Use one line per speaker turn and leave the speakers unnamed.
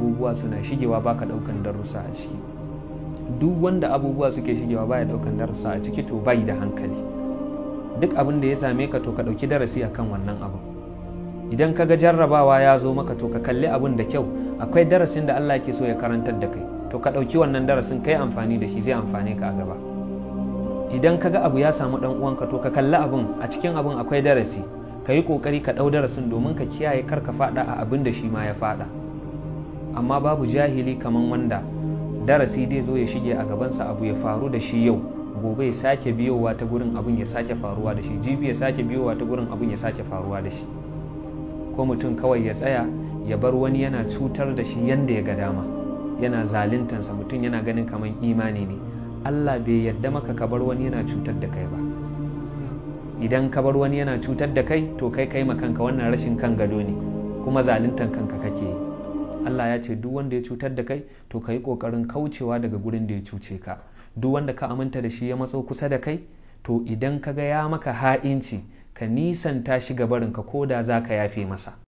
abubuwa suna shigewa baka daukan darussa a ciki duk wanda abubuwa suke shigewa baya daukan darussa a ciki to bai da hankali duk abin da ya same ka to ka dauki darasi akan wannan abu idan ka ga jarrabawa ya zo maka to ka kalli abin da kyau akwai darasin da Allah ke so ya karantar da kai to ka dauki wannan darasin kai amfani da shi zai amfane ka a gaba idan ka ga abu ya samu dan uwanka to ka kalli abin a cikin abin akwai darasi ka yi kokari ka dau darasin domin ka kiyaye kar ka fada a abin da shi ma ya fada amma babu jahili kaman wanda darasi dai zo ya shige a gabansa abu ya faru da shi yau gobe ya sake biyowa ta gurin abin ya sake faruwa da shi jibi ya sake biyowa ta gurin abin ya sake faruwa da shi ko mutum kawai ya tsaya ya bar wani yana cutar da shi yanda ya ga dama yana zaluntansa mutum yana ganin kaman imani ne Allah bai yarda maka ka bar wani yana cutar da kai ba idan ka bar wani yana cutar da kai to kai kai ma kanka wannan rashin kan gado ne kuma zaluntan kanka kake yi Allah ya ce duk wanda ya cutar da kai to ka yi ƙoƙarin kaucewa daga gurin da ya cuce ka duk wanda ka aminta da shi ya matso kusa da kai to idan ka ga ya maka ha'inci ka nisanta shi ga barinka ko da za ka yafe masa